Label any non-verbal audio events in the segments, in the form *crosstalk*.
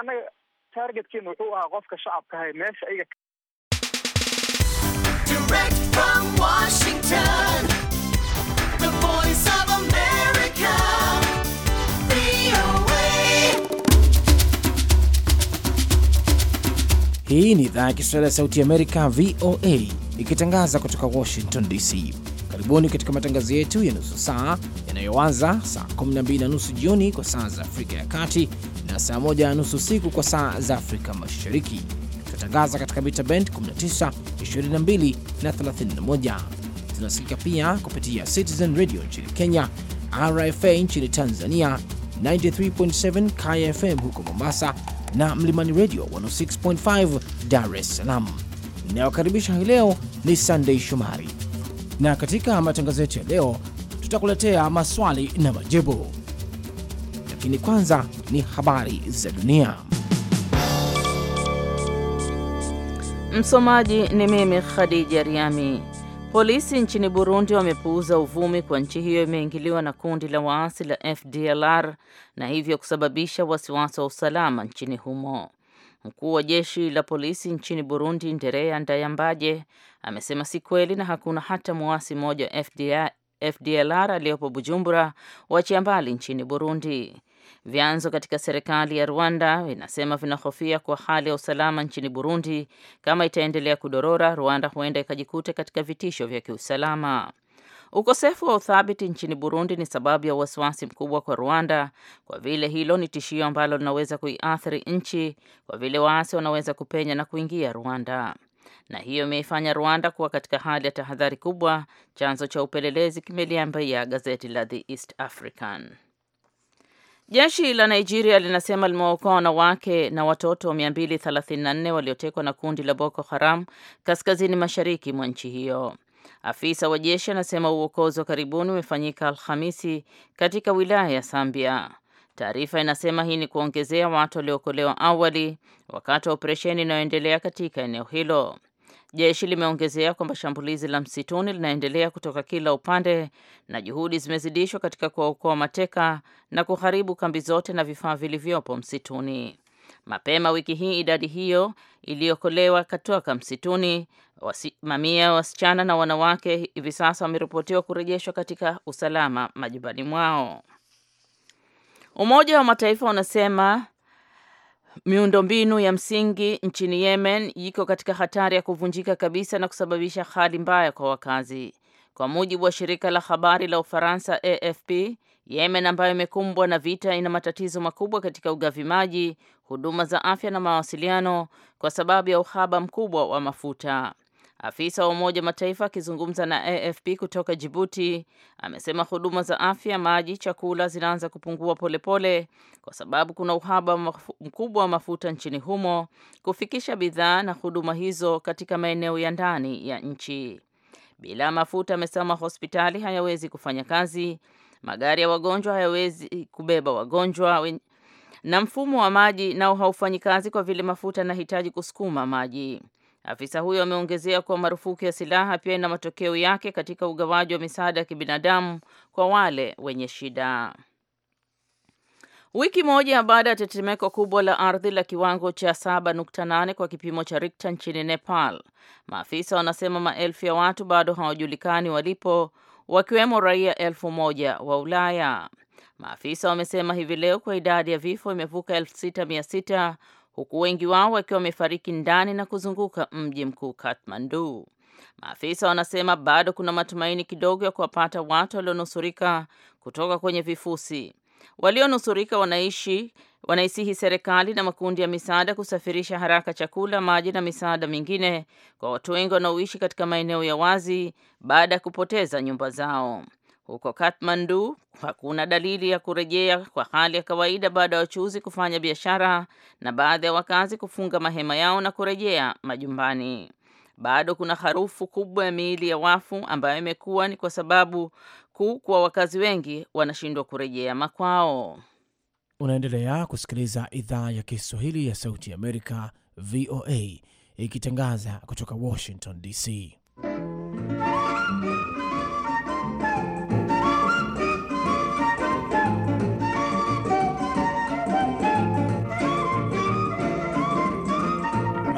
anaga wuxuu ahaa qofka shacabka ahay meesha Hii ni idhaa ya Kiswahili ya Sauti Amerika, VOA, ikitangaza kutoka Washington DC. Karibuni katika matangazo yetu ya nusu saa yanayoanza saa 12 na nusu jioni kwa saa za Afrika ya Kati na saa moja na nusu usiku kwa saa za Afrika Mashariki. Tunatangaza katika mita bend 19, 22 na 31. Tunasikika pia kupitia Citizen Radio nchini Kenya, RFA nchini Tanzania, 93.7 KFM huko Mombasa na Mlimani Radio 106.5 Dar es Salaam. Inayokaribisha hii leo ni Sunday Shumari, na katika matangazo yetu ya leo tutakuletea maswali na majibu lakini kwanza ni habari za dunia. Msomaji ni mimi Khadija Riami. Polisi nchini Burundi wamepuuza uvumi kwa nchi hiyo imeingiliwa na kundi la waasi la FDLR na hivyo kusababisha wasiwasi wa usalama nchini humo. Mkuu wa jeshi la polisi nchini Burundi nderea Ndayambaje amesema si kweli na hakuna hata mwasi mmoja wa FDLR aliyopo Bujumbura, wachia mbali nchini Burundi. Vyanzo katika serikali ya Rwanda vinasema vinahofia kwa hali ya usalama nchini Burundi kama itaendelea kudorora, Rwanda huenda ikajikuta katika vitisho vya kiusalama. Ukosefu wa uthabiti nchini Burundi ni sababu ya wasiwasi mkubwa kwa Rwanda kwa vile hilo ni tishio ambalo linaweza kuiathiri nchi kwa vile waasi wanaweza kupenya na kuingia Rwanda. Na hiyo imeifanya Rwanda kuwa katika hali ya tahadhari kubwa, chanzo cha upelelezi kimeliambia gazeti la The East African. Jeshi la Nigeria linasema limewaokoa wanawake na watoto 234 waliotekwa na kundi la Boko Haram kaskazini mashariki mwa nchi hiyo. Afisa wa jeshi anasema uokozi wa karibuni umefanyika Alhamisi katika wilaya ya Sambia. Taarifa inasema hii ni kuongezea watu waliookolewa awali wakati wa operesheni inayoendelea katika eneo hilo. Jeshi limeongezea kwamba shambulizi la msituni linaendelea kutoka kila upande na juhudi zimezidishwa katika kuwaokoa mateka na kuharibu kambi zote na vifaa vilivyopo msituni. Mapema wiki hii idadi hiyo iliyokolewa katoka msituni. Wasi, mamia ya wasichana na wanawake hivi sasa wameripotiwa kurejeshwa katika usalama majumbani mwao. Umoja wa Mataifa unasema Miundombinu ya msingi nchini Yemen iko katika hatari ya kuvunjika kabisa na kusababisha hali mbaya kwa wakazi. Kwa mujibu wa shirika la habari la Ufaransa AFP, Yemen ambayo imekumbwa na vita ina matatizo makubwa katika ugavi maji, huduma za afya na mawasiliano kwa sababu ya uhaba mkubwa wa mafuta. Afisa wa Umoja Mataifa akizungumza na AFP kutoka Jibuti amesema huduma za afya, maji, chakula zinaanza kupungua polepole pole, kwa sababu kuna uhaba mkubwa wa mafuta nchini humo kufikisha bidhaa na huduma hizo katika maeneo ya ndani ya nchi. Bila mafuta, amesema hospitali hayawezi kufanya kazi, magari ya wagonjwa hayawezi kubeba wagonjwa na mfumo wa maji nao haufanyi kazi kwa vile mafuta yanahitaji kusukuma maji. Afisa huyo ameongezea kuwa marufuku ya silaha pia ina matokeo yake katika ugawaji wa misaada ya kibinadamu kwa wale wenye shida. Wiki moja baada ya tetemeko kubwa la ardhi la kiwango cha 7.8 kwa kipimo cha Richter nchini Nepal, maafisa wanasema maelfu ya watu bado hawajulikani walipo, wakiwemo raia elfu moja wa Ulaya. Maafisa wamesema hivi leo kwa idadi ya vifo imevuka 6600 huku wengi wao wakiwa wamefariki ndani na kuzunguka mji mkuu Kathmandu. Maafisa wanasema bado kuna matumaini kidogo ya kuwapata watu walionusurika kutoka kwenye vifusi. Walionusurika wanaishi wanaisihi serikali na makundi ya misaada kusafirisha haraka chakula, maji na misaada mingine kwa watu wengi wanaoishi katika maeneo ya wazi baada ya kupoteza nyumba zao. Huko Kathmandu hakuna dalili ya kurejea kwa hali ya kawaida baada ya wachuuzi kufanya biashara na baadhi ya wakazi kufunga mahema yao na kurejea majumbani. Bado kuna harufu kubwa ya miili ya wafu ambayo imekuwa ni kwa sababu kuu kwa wakazi wengi wanashindwa kurejea makwao. Unaendelea kusikiliza idhaa ya Kiswahili ya Sauti ya Amerika, VOA, ikitangaza kutoka Washington DC.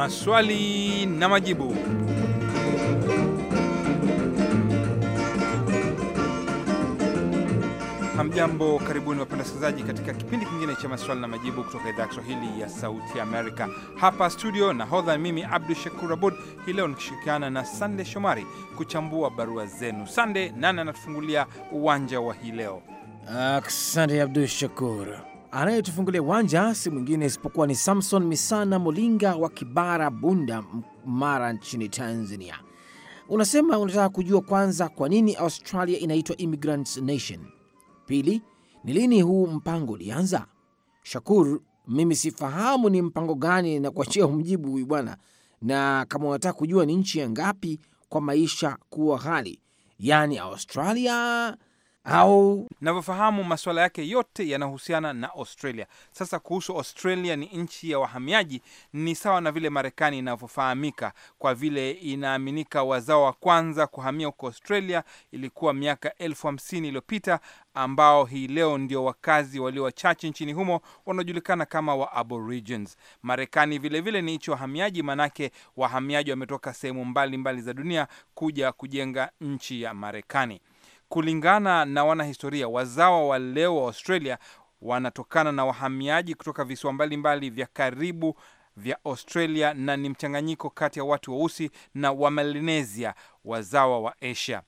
maswali na majibu. Hamjambo, karibuni wapenda wasikilizaji katika kipindi kingine cha maswali na majibu kutoka idhaa ya Kiswahili ya Sauti Amerika hapa studio. Nahodha mimi Abdu Shakur Abud, hii leo nikishirikiana na Sande Shomari kuchambua barua zenu. Sande, nani anatufungulia uwanja wa hii leo? Asante Abdu Shakur. Anayetufungulia uwanja si mwingine isipokuwa ni Samson Misana Molinga wa Kibara, Bunda, Mara nchini Tanzania. Unasema unataka kujua kwanza, kwa nini Australia inaitwa immigrants nation; pili, ni lini huu mpango ulianza. Shakur, mimi sifahamu ni mpango gani na kuachia umjibu huyu bwana, na kama unataka kujua ni nchi ya ngapi kwa maisha kuwa ghali, yaani Australia au navyofahamu masuala yake yote yanahusiana na Australia. Sasa kuhusu Australia, ni nchi ya wahamiaji, ni sawa na vile Marekani inavyofahamika, kwa vile inaaminika wazao wa kwanza kuhamia huko Australia ilikuwa miaka elfu hamsini iliyopita, ambao hii leo ndio wakazi walio wachache nchini humo wanaojulikana kama wa Aborigines. Marekani vilevile ni nchi wahamiaji, maanake wahamiaji wametoka sehemu mbalimbali za dunia kuja kujenga nchi ya Marekani. Kulingana na wanahistoria, wazawa wa leo wa Australia wanatokana na wahamiaji kutoka visiwa mbalimbali vya karibu vya Australia na ni mchanganyiko kati ya watu weusi na wa wazawa wa Asia.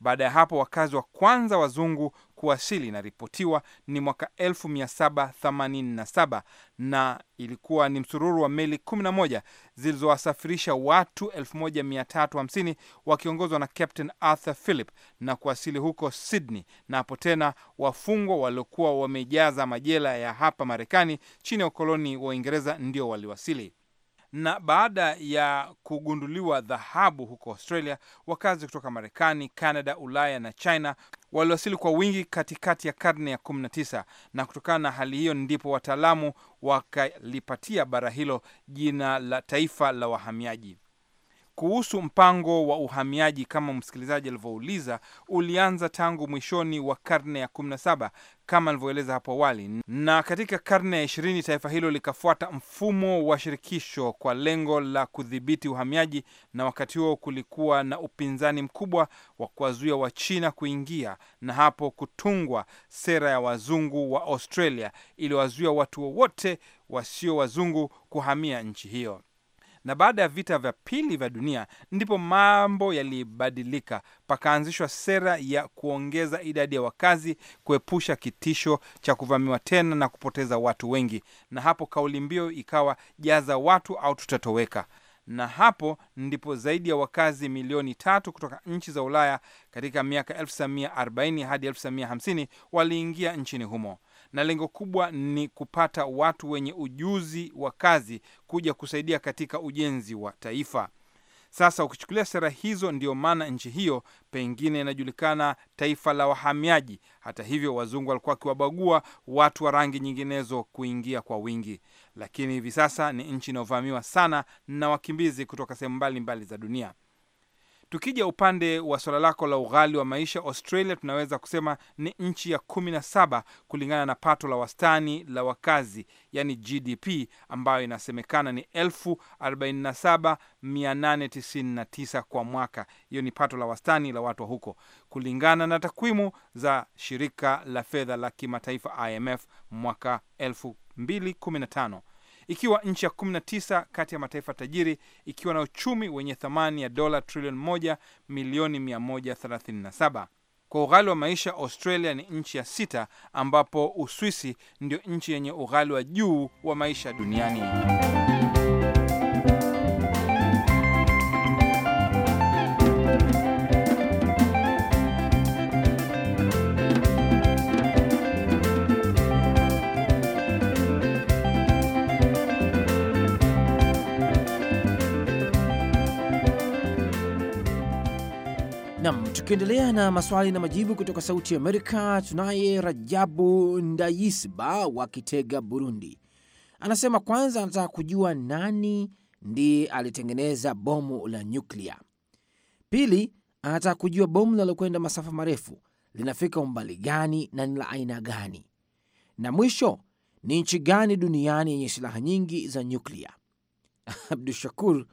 Baada ya hapo, wakazi wa kwanza wazungu kuwasili inaripotiwa ni mwaka 1787 na ilikuwa ni msururu wa meli 11 zilizowasafirisha watu 1350 wakiongozwa na Captain Arthur philip na kuwasili huko Sydney, na hapo tena wafungwa waliokuwa wamejaza majela ya hapa Marekani chini ya ukoloni wa Uingereza ndio waliwasili na baada ya kugunduliwa dhahabu huko Australia, wakazi kutoka Marekani, canada Ulaya na China waliwasili kwa wingi katikati ya karne ya 19 na kutokana na hali hiyo ndipo wataalamu wakalipatia bara hilo jina la taifa la wahamiaji kuhusu mpango wa uhamiaji, kama msikilizaji alivyouliza, ulianza tangu mwishoni wa karne ya 17 kama alivyoeleza hapo awali, na katika karne ya ishirini taifa hilo likafuata mfumo wa shirikisho kwa lengo la kudhibiti uhamiaji, na wakati huo kulikuwa na upinzani mkubwa wa kuwazuia Wachina kuingia, na hapo kutungwa sera ya wazungu wa Australia iliwazuia watu wowote wasio wazungu kuhamia nchi hiyo na baada ya vita vya pili vya dunia ndipo mambo yalibadilika, pakaanzishwa sera ya kuongeza idadi ya wakazi, kuepusha kitisho cha kuvamiwa tena na kupoteza watu wengi, na hapo kauli mbiu ikawa jaza watu au tutatoweka na hapo ndipo zaidi ya wakazi milioni tatu kutoka nchi za Ulaya katika miaka 1940 hadi 1950 waliingia nchini humo na lengo kubwa ni kupata watu wenye ujuzi wa kazi kuja kusaidia katika ujenzi wa taifa. Sasa ukichukulia sera hizo, ndiyo maana nchi hiyo pengine inajulikana taifa la wahamiaji. Hata hivyo, wazungu walikuwa wakiwabagua watu wa rangi nyinginezo kuingia kwa wingi, lakini hivi sasa ni nchi inayovamiwa sana na wakimbizi kutoka sehemu mbalimbali za dunia. Tukija upande wa suala lako la ughali wa maisha, Australia tunaweza kusema ni nchi ya kumi na saba kulingana na pato la wastani la wakazi, yani GDP, ambayo inasemekana ni elfu arobaini na saba mia nane tisini na tisa kwa mwaka. Hiyo ni pato la wastani la watu wa huko, kulingana na takwimu za shirika la fedha la kimataifa IMF mwaka elfu mbili kumi na tano ikiwa nchi ya 19 kati ya mataifa tajiri ikiwa na uchumi wenye thamani ya dola trilioni moja milioni 137. Kwa ughali wa maisha, Australia ni nchi ya sita, ambapo Uswisi ndio nchi yenye ughali wa juu wa maisha duniani. Tukiendelea na maswali na majibu kutoka Sauti ya Amerika, tunaye Rajabu Ndayisba wa Kitega, Burundi. Anasema kwanza anataka kujua nani ndiye alitengeneza bomu la nyuklia. Pili, anataka kujua bomu linalokwenda masafa marefu linafika umbali gani na ni la aina gani, na mwisho ni nchi gani duniani yenye silaha nyingi za nyuklia? *laughs* Abdu Shakur,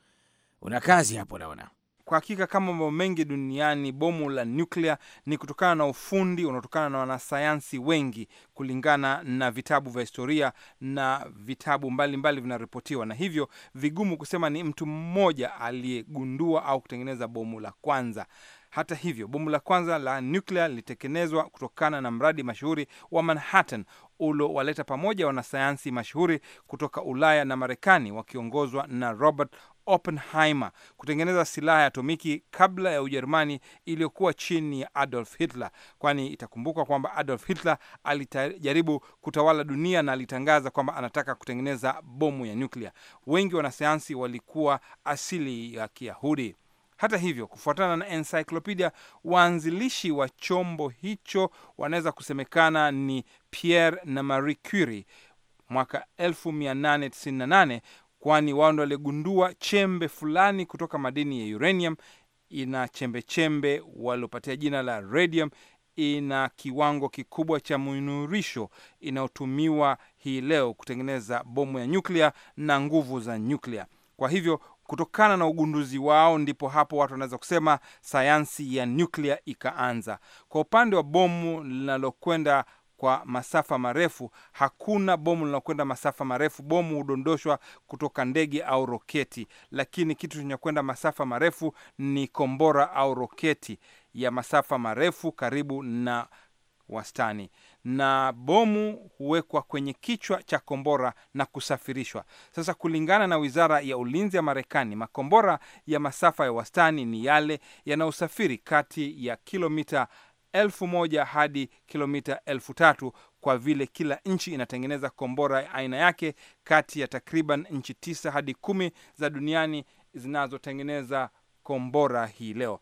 una kazi hapo naona. Kwa hakika kama mambo mengi duniani, bomu la nyuklia ni kutokana na ufundi unaotokana na wanasayansi wengi, kulingana na vitabu vya historia na vitabu mbalimbali vinaripotiwa, na hivyo vigumu kusema ni mtu mmoja aliyegundua au kutengeneza bomu la kwanza. Hata hivyo, bomu la kwanza la nyuklia lilitengenezwa kutokana na mradi mashuhuri wa Manhattan uliowaleta pamoja wanasayansi mashuhuri kutoka Ulaya na Marekani wakiongozwa na Robert Oppenheimer kutengeneza silaha ya atomiki kabla ya Ujerumani iliyokuwa chini ya Adolf Hitler, kwani itakumbukwa kwamba Adolf Hitler alijaribu kutawala dunia na alitangaza kwamba anataka kutengeneza bomu ya nyuklia. Wengi wanasayansi walikuwa asili ya Kiyahudi. Hata hivyo, kufuatana na encyclopedia, waanzilishi wa chombo hicho wanaweza kusemekana ni Pierre na Marie Curie mwaka 1898 kwani wao ndo waligundua chembe fulani kutoka madini ya uranium ina chembechembe waliopatia jina la radium ina kiwango kikubwa cha mnurisho inayotumiwa hii leo kutengeneza bomu ya nyuklia na nguvu za nyuklia. Kwa hivyo kutokana na ugunduzi wao ndipo hapo watu wanaweza kusema sayansi ya nyuklia ikaanza. Kwa upande wa bomu linalokwenda kwa masafa marefu. Hakuna bomu linakwenda masafa marefu, bomu hudondoshwa kutoka ndege au roketi, lakini kitu chenye kwenda masafa marefu ni kombora au roketi ya masafa marefu karibu na wastani na bomu huwekwa kwenye kichwa cha kombora na kusafirishwa. Sasa, kulingana na wizara ya ulinzi ya Marekani, makombora ya masafa ya wastani ni yale yanayosafiri kati ya kilomita elfu moja hadi kilomita elfu tatu kwa vile kila nchi inatengeneza kombora aina yake kati ya takriban nchi tisa hadi kumi za duniani zinazotengeneza kombora hii leo.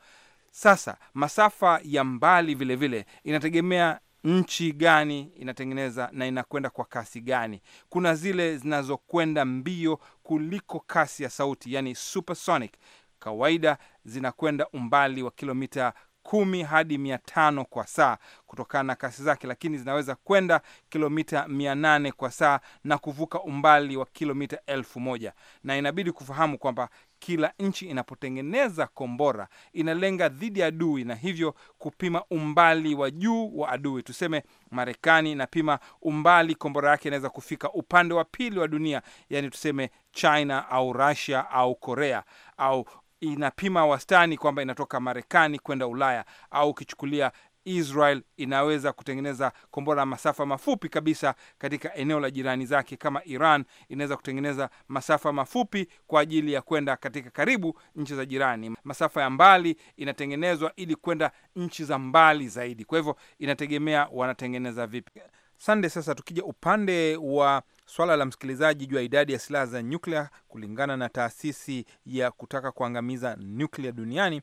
Sasa masafa ya mbali vilevile vile, inategemea nchi gani inatengeneza na inakwenda kwa kasi gani. Kuna zile zinazokwenda mbio kuliko kasi ya sauti, yani supersonic, kawaida zinakwenda umbali wa kilomita kumi hadi mia tano kwa saa kutokana na kasi zake, lakini zinaweza kwenda kilomita mia nane kwa saa na kuvuka umbali wa kilomita elfu moja na inabidi kufahamu kwamba kila nchi inapotengeneza kombora inalenga dhidi ya adui na hivyo kupima umbali wa juu wa adui. Tuseme Marekani inapima umbali kombora yake inaweza kufika upande wa pili wa dunia, yani tuseme China au Russia au Korea au inapima wastani kwamba inatoka Marekani kwenda Ulaya, au ukichukulia Israel inaweza kutengeneza kombora masafa mafupi kabisa katika eneo la jirani zake, kama Iran inaweza kutengeneza masafa mafupi kwa ajili ya kwenda katika karibu nchi za jirani. Masafa ya mbali inatengenezwa ili kwenda nchi za mbali zaidi. Kwa hivyo inategemea wanatengeneza vipi. Sande, sasa tukija upande wa Swala la msikilizaji juu ya idadi ya silaha za nyuklia kulingana na taasisi ya kutaka kuangamiza nyuklia duniani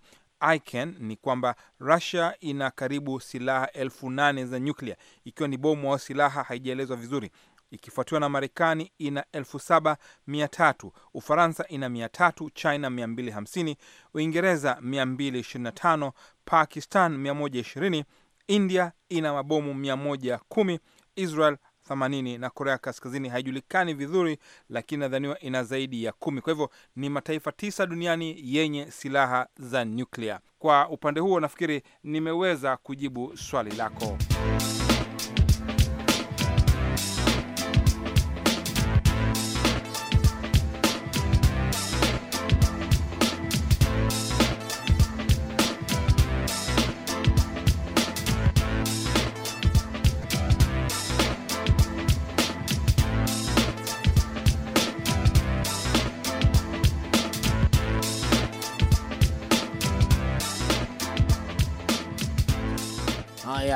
ICAN ni kwamba Russia ina karibu silaha elfu nane za nyuklia, ikiwa ni bomu au silaha, haijaelezwa vizuri, ikifuatiwa na Marekani ina elfu saba mia tatu Ufaransa ina mia tatu China 250 Uingereza 225 Pakistan 120 India ina mabomu kumi Israel 80 na Korea Kaskazini haijulikani vizuri, lakini nadhaniwa ina zaidi ya kumi. Kwa hivyo ni mataifa tisa duniani yenye silaha za nyuklia. Kwa upande huo, nafikiri nimeweza kujibu swali lako.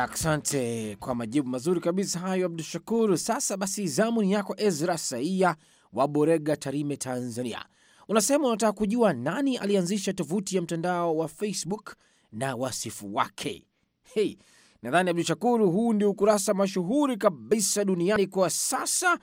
asante kwa majibu mazuri kabisa hayo, Abdu Shakur. Sasa basi, zamu ni yako Ezra Saia wa Borega, Tarime, Tanzania. Unasema unataka kujua nani alianzisha tovuti ya mtandao wa Facebook na wasifu wake. Hey, nadhani Abdu Shakuru, huu ndio ukurasa mashuhuri kabisa duniani kwa sasa,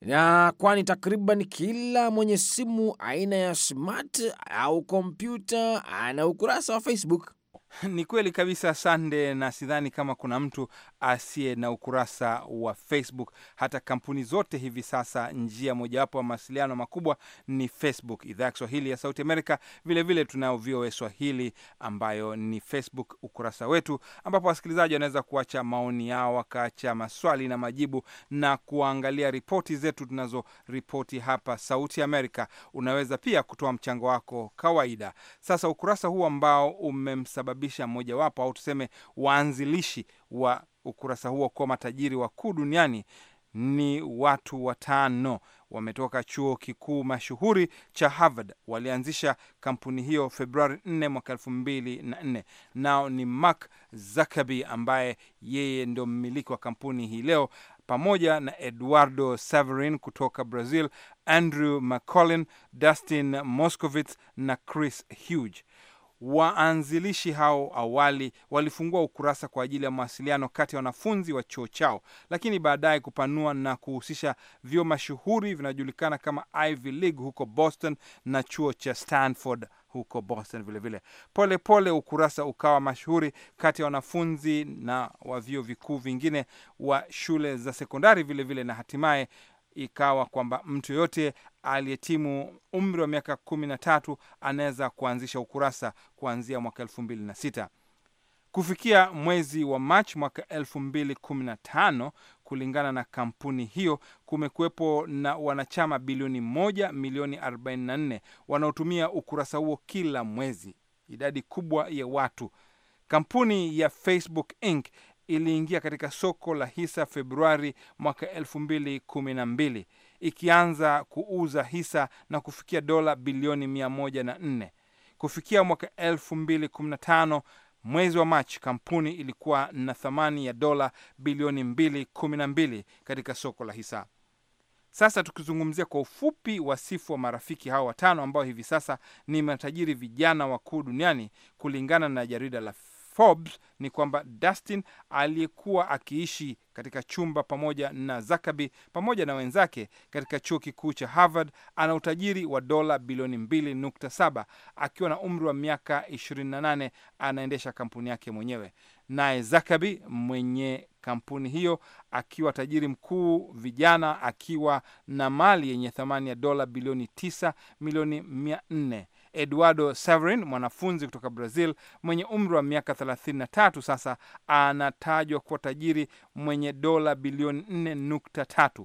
na kwani takriban kila mwenye simu aina ya smart au kompyuta ana ukurasa wa Facebook. *laughs* Ni kweli kabisa Sande, na sidhani kama kuna mtu asiye na ukurasa wa Facebook. Hata kampuni zote hivi sasa, njia mojawapo ya mawasiliano makubwa ni Facebook. Idhaa ya Kiswahili ya Sauti Amerika vilevile tunayo VOA Swahili ambayo ni Facebook, ukurasa wetu, ambapo wasikilizaji wanaweza kuacha maoni yao, wakaacha maswali na majibu na kuangalia ripoti zetu tunazoripoti hapa Sauti Amerika. Unaweza pia kutoa mchango wako kawaida. Sasa ukurasa huu ambao umemsababisha kusababisha mojawapo au tuseme waanzilishi wa ukurasa huo kuwa matajiri wakuu duniani ni watu watano wametoka chuo kikuu mashuhuri cha Harvard. Walianzisha kampuni hiyo Februari 4 mwaka nne. Nao ni Mark Zuckerberg ambaye yeye ndio mmiliki wa kampuni hii leo, pamoja na Eduardo Saverin kutoka Brazil, Andrew McCollin, Dustin Moskovitz na Chris Huge. Waanzilishi hao awali walifungua ukurasa kwa ajili ya mawasiliano kati ya wanafunzi wa chuo chao, lakini baadaye kupanua na kuhusisha vyuo mashuhuri vinajulikana kama Ivy League huko Boston na chuo cha Stanford huko Boston vilevile. Polepole ukurasa ukawa mashuhuri kati ya wanafunzi na wa vyuo vikuu vingine wa shule za sekondari vilevile, na hatimaye ikawa kwamba mtu yoyote aliyetimu umri wa miaka kumi na tatu anaweza kuanzisha ukurasa kuanzia mwaka elfu mbili na sita kufikia mwezi wa Machi mwaka elfu mbili kumi na tano. Kulingana na kampuni hiyo, kumekuwepo na wanachama bilioni moja milioni 44 wanaotumia ukurasa huo kila mwezi, idadi kubwa ya watu. Kampuni ya Facebook Inc iliingia katika soko la hisa Februari mwaka elfu mbili kumi na mbili ikianza kuuza hisa na kufikia dola bilioni mia moja na nne kufikia mwaka elfu mbili kumi na tano mwezi wa Machi kampuni ilikuwa na thamani ya dola bilioni mbili kumi na mbili katika soko la hisa. Sasa tukizungumzia kwa ufupi wasifu wa marafiki hawa watano ambao hivi sasa ni matajiri vijana wakuu duniani kulingana na jarida la Forbes ni kwamba Dustin aliyekuwa akiishi katika chumba pamoja na Zakabi pamoja na wenzake katika chuo kikuu cha Harvard ana utajiri wa dola bilioni 2.7 akiwa na umri wa miaka 28. Anaendesha kampuni yake mwenyewe, naye Zakabi mwenye kampuni hiyo akiwa tajiri mkuu vijana, akiwa na mali yenye thamani ya dola bilioni 9 milioni 400. Eduardo Severin, mwanafunzi kutoka Brazil mwenye umri wa miaka 33 sasa, anatajwa kuwa tajiri mwenye dola bilioni 4.3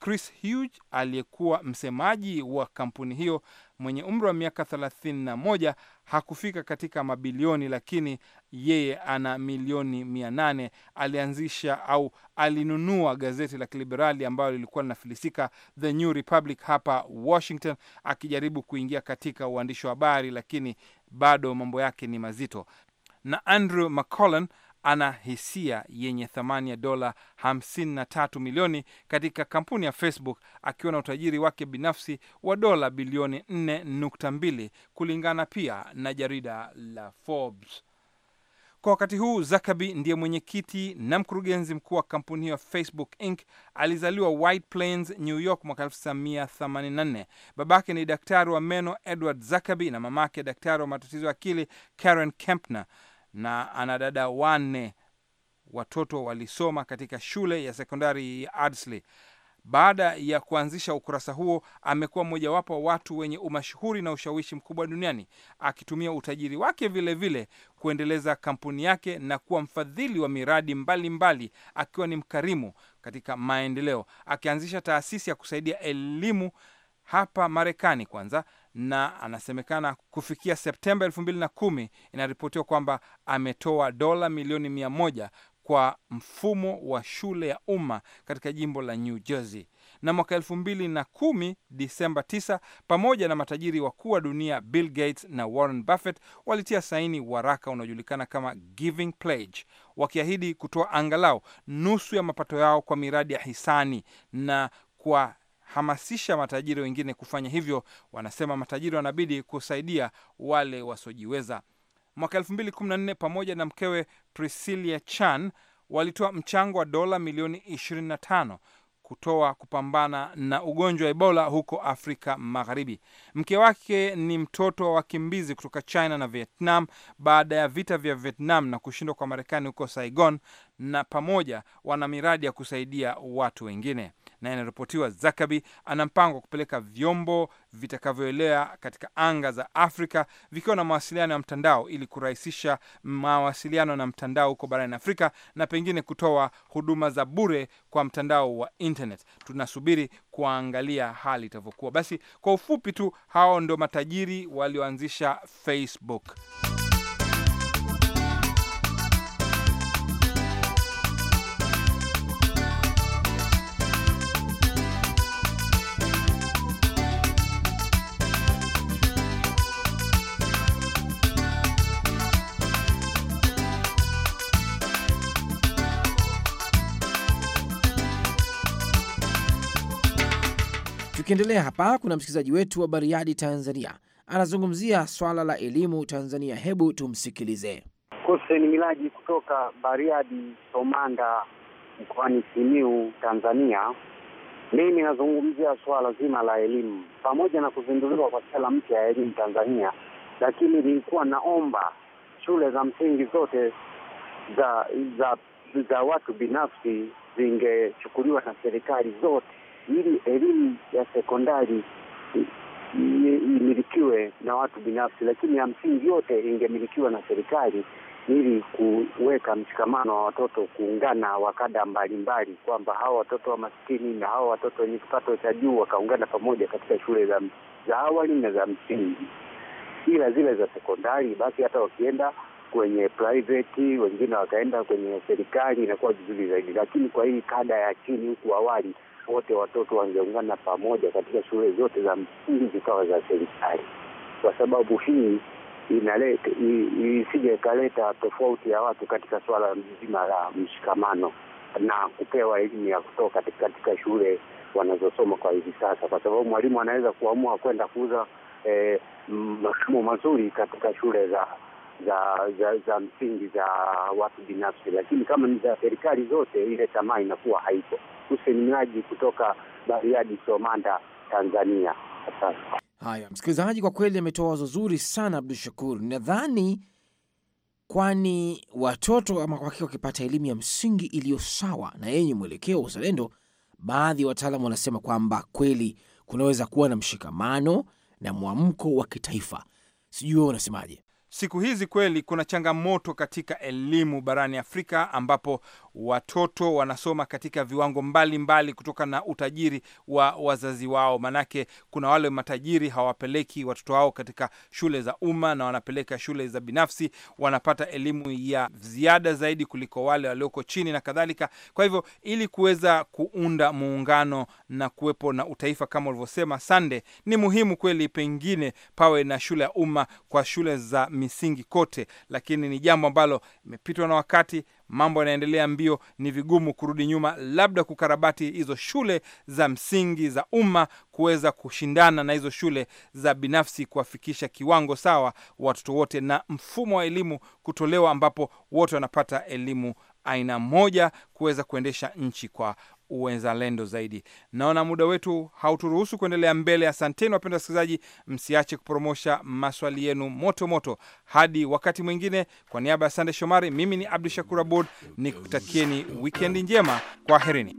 Chris Hughes aliyekuwa msemaji wa kampuni hiyo mwenye umri wa miaka 31 hakufika katika mabilioni, lakini yeye ana milioni 800. Alianzisha au alinunua gazeti la kiliberali ambayo lilikuwa linafilisika The New Republic hapa Washington, akijaribu kuingia katika uandishi wa habari, lakini bado mambo yake ni mazito na Andrew McCollan ana hisia yenye thamani ya dola 53 milioni katika kampuni ya Facebook akiwa na utajiri wake binafsi wa dola bilioni 4.2 kulingana pia na jarida la Forbes. Kwa wakati huu Zakabi ndiye mwenyekiti na mkurugenzi mkuu wa kampuni hiyo Facebook Inc. Alizaliwa White Plains, New York mwaka 1984. Babake ni daktari wa meno Edward Zakabi na mamake daktari wa matatizo ya akili Karen Kempner na ana dada wanne. Watoto walisoma katika shule ya sekondari ya Ardsley. Baada ya kuanzisha ukurasa huo, amekuwa mmojawapo wa watu wenye umashuhuri na ushawishi mkubwa duniani, akitumia utajiri wake vilevile vile kuendeleza kampuni yake na kuwa mfadhili wa miradi mbalimbali mbali, akiwa ni mkarimu katika maendeleo, akianzisha taasisi ya kusaidia elimu hapa Marekani kwanza na anasemekana kufikia Septemba elfu inaripotiwa kwamba ametoa dola milioni mia moja kwa mfumo wa shule ya umma katika jimbo la New Jersey. Na mwaka elfu mbili na kumi Disemba 9, pamoja na matajiri wakuu wa dunia Bill Gates na Warren Buffett walitia saini waraka unaojulikana kama Giving Pledge, wakiahidi kutoa angalau nusu ya mapato yao kwa miradi ya hisani na kwa hamasisha matajiri wengine kufanya hivyo. Wanasema matajiri wanabidi kusaidia wale wasiojiweza. Mwaka 2014 pamoja na mkewe Priscilia Chan walitoa mchango wa dola milioni 25 kutoa kupambana na ugonjwa wa Ebola huko Afrika Magharibi. Mke wake ni mtoto wa wakimbizi kutoka China na Vietnam baada ya vita vya Vietnam na kushindwa kwa Marekani huko Saigon, na pamoja wana miradi ya kusaidia watu wengine na inaripotiwa Zakabi ana mpango wa kupeleka vyombo vitakavyoelea katika anga za Afrika vikiwa na mawasiliano ya mtandao ili kurahisisha mawasiliano na mtandao huko barani Afrika na pengine kutoa huduma za bure kwa mtandao wa internet. Tunasubiri kuangalia hali itavyokuwa. Basi kwa ufupi tu, hao ndio matajiri walioanzisha Facebook. Tukiendelea hapa, kuna msikilizaji wetu wa Bariadi, Tanzania, anazungumzia swala la elimu Tanzania. Hebu tumsikilize. Hussein Milaji kutoka Bariadi, Somanda, mkoani Simiu, Tanzania. Mimi nazungumzia swala zima la elimu pamoja na kuzinduliwa kwa sera mpya ya elimu Tanzania, lakini nilikuwa naomba shule za msingi zote za za za watu binafsi zingechukuliwa na serikali zote ili elimu ya sekondari imilikiwe na watu binafsi, lakini ya msingi yote ingemilikiwa na serikali ili kuweka mshikamano wa watoto kuungana wa kada mbalimbali, kwamba hawa watoto wa masikini na hawa watoto wenye kipato cha juu wakaungana pamoja katika shule za, za awali na za msingi, ila zile za sekondari basi hata wakienda kwenye private wengine wakaenda kwenye serikali inakuwa vizuri zaidi, lakini kwa hii kada ya chini huku awali wote watoto wangeungana pamoja katika shule zote za msingi zikawa za serikali, kwa sababu hii inaleta isije ikaleta tofauti ya watu katika swala mzima la mshikamano na kupewa elimu ya kutoka katika shule wanazosoma kwa hivi sasa, kwa sababu mwalimu anaweza kuamua kwenda kuuza eh, masomo mazuri katika shule za za za, za msingi za watu binafsi, lakini kama ni za serikali zote, ile tamaa inakuwa haipo. Hussein Mnaji kutoka Bariadi, Somanda, Tanzania. Asante. Haya, msikilizaji, kwa kweli ametoa wazo zuri sana Abdu Shakur. Nadhani kwani watoto ama kwake wakipata elimu ya msingi iliyo sawa na yenye mwelekeo wa uzalendo, baadhi ya wataalamu wanasema kwamba kweli kunaweza kuwa na mshikamano na mwamko wa kitaifa. Sijui wewe unasemaje? Siku hizi kweli kuna changamoto katika elimu barani Afrika ambapo watoto wanasoma katika viwango mbalimbali mbali kutoka na utajiri wa wazazi wao. Manake kuna wale matajiri hawapeleki watoto wao katika shule za umma na wanapeleka shule za binafsi, wanapata elimu ya ziada zaidi kuliko wale walioko chini na kadhalika. Kwa hivyo ili kuweza kuunda muungano na kuwepo na utaifa kama ulivyosema Sande, ni muhimu kweli, pengine pawe na shule ya umma kwa shule za misingi kote, lakini ni jambo ambalo imepitwa na wakati mambo yanaendelea mbio, ni vigumu kurudi nyuma, labda kukarabati hizo shule za msingi za umma kuweza kushindana na hizo shule za binafsi, kuwafikisha kiwango sawa watoto wote, na mfumo wa elimu kutolewa ambapo wote wanapata elimu aina moja, kuweza kuendesha nchi kwa uwezalendo zaidi. Naona muda wetu hauturuhusu kuendelea mbele. Asanteni wapenda wasikilizaji, msiache kupromosha maswali yenu moto moto. Hadi wakati mwingine, kwa niaba ya Sande Shomari, mimi ni Abdu Shakur Abud nikutakieni wikendi njema, kwaherini.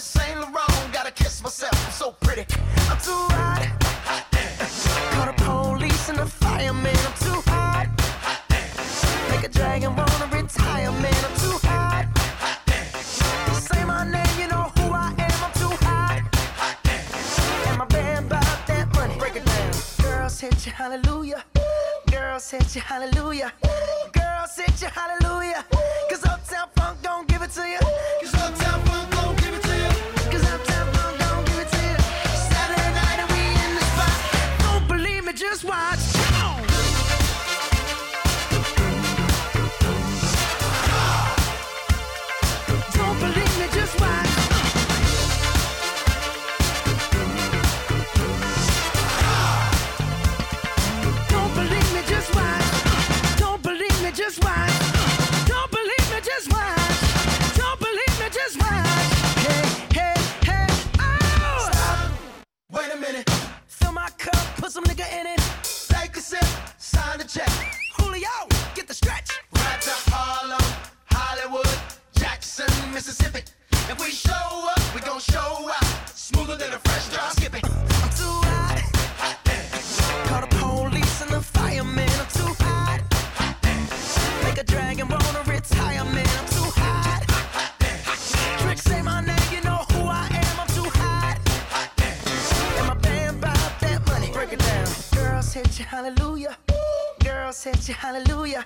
it's Saint Laurent. Gotta kiss myself. I'm so pretty. I'm too hot. hot Call the police and the fireman. I'm too hot. hot Make a dragon wanna retire, man. I'm too hot. hot say my name, you know who I am. I'm too hot. hot and my band bought that money. Break it down. Girls hit you, hallelujah. Girls hit you, hallelujah. Girls hit you, hallelujah. Cause hallelujah. Girl, set you hallelujah.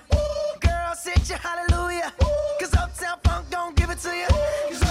Girl, set you hallelujah. Cause Uptown Funk don't give it to you.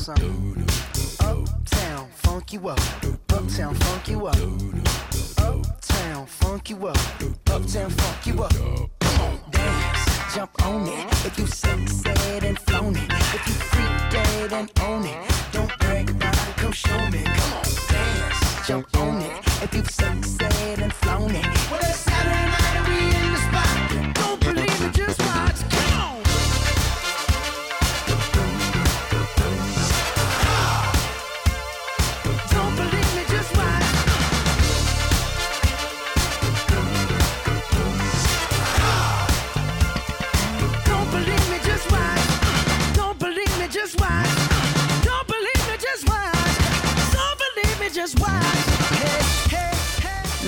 Uptown, funk you up. Uptown, funk you up. Uptown, funk you up. Uptown, funk you up. Come on, dance, jump on it. If you sexed and flown it, if you freak dead and own it, don't brag about it. Come show me. Come on, dance, jump on it. If you sexed and flown it, well it's Saturday night and we.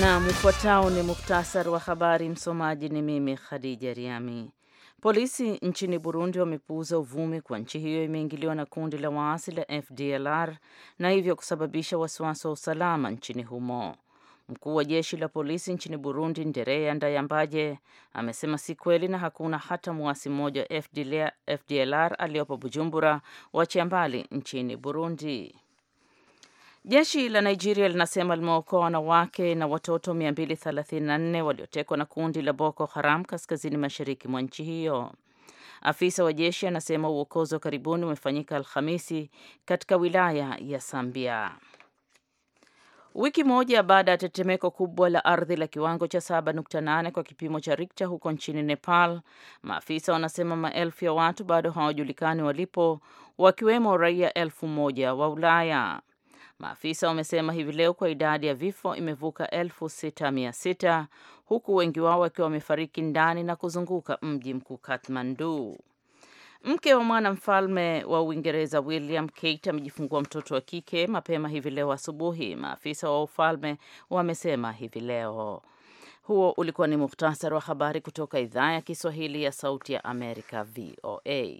Na mfuatao ni muktasari wa habari. Msomaji ni mimi Khadija Riami. Polisi nchini Burundi wamepuuza uvumi kwa nchi hiyo imeingiliwa na kundi la waasi la FDLR na hivyo kusababisha wasiwasi wa usalama nchini humo. Mkuu wa jeshi la polisi nchini Burundi, Ndereya Ndayambaje, amesema si kweli na hakuna hata mwasi mmoja wa FDLR aliyopo Bujumbura, mbali nchini Burundi. Jeshi la Nigeria linasema limeokoa wanawake na watoto 234 waliotekwa na kundi la Boko Haram kaskazini mashariki mwa nchi hiyo. Afisa wa jeshi anasema uokozi wa karibuni umefanyika Alhamisi katika wilaya ya Sambia. Wiki moja baada ya tetemeko kubwa la ardhi la kiwango cha 7.8 kwa kipimo cha Richter huko nchini Nepal, maafisa wanasema maelfu ya watu bado hawajulikani walipo, wakiwemo raia elfu moja wa Ulaya. Maafisa wamesema hivi leo kwa idadi ya vifo imevuka elfu sita mia sita huku wengi wao wakiwa wamefariki ndani na kuzunguka mji mkuu Kathmandu. Mke wa mwanamfalme wa Uingereza William Kate amejifungua mtoto wa kike mapema hivi leo asubuhi, maafisa wa ufalme wamesema hivi leo. Huo ulikuwa ni muhtasari wa habari kutoka idhaa ya Kiswahili ya Sauti ya Amerika, VOA.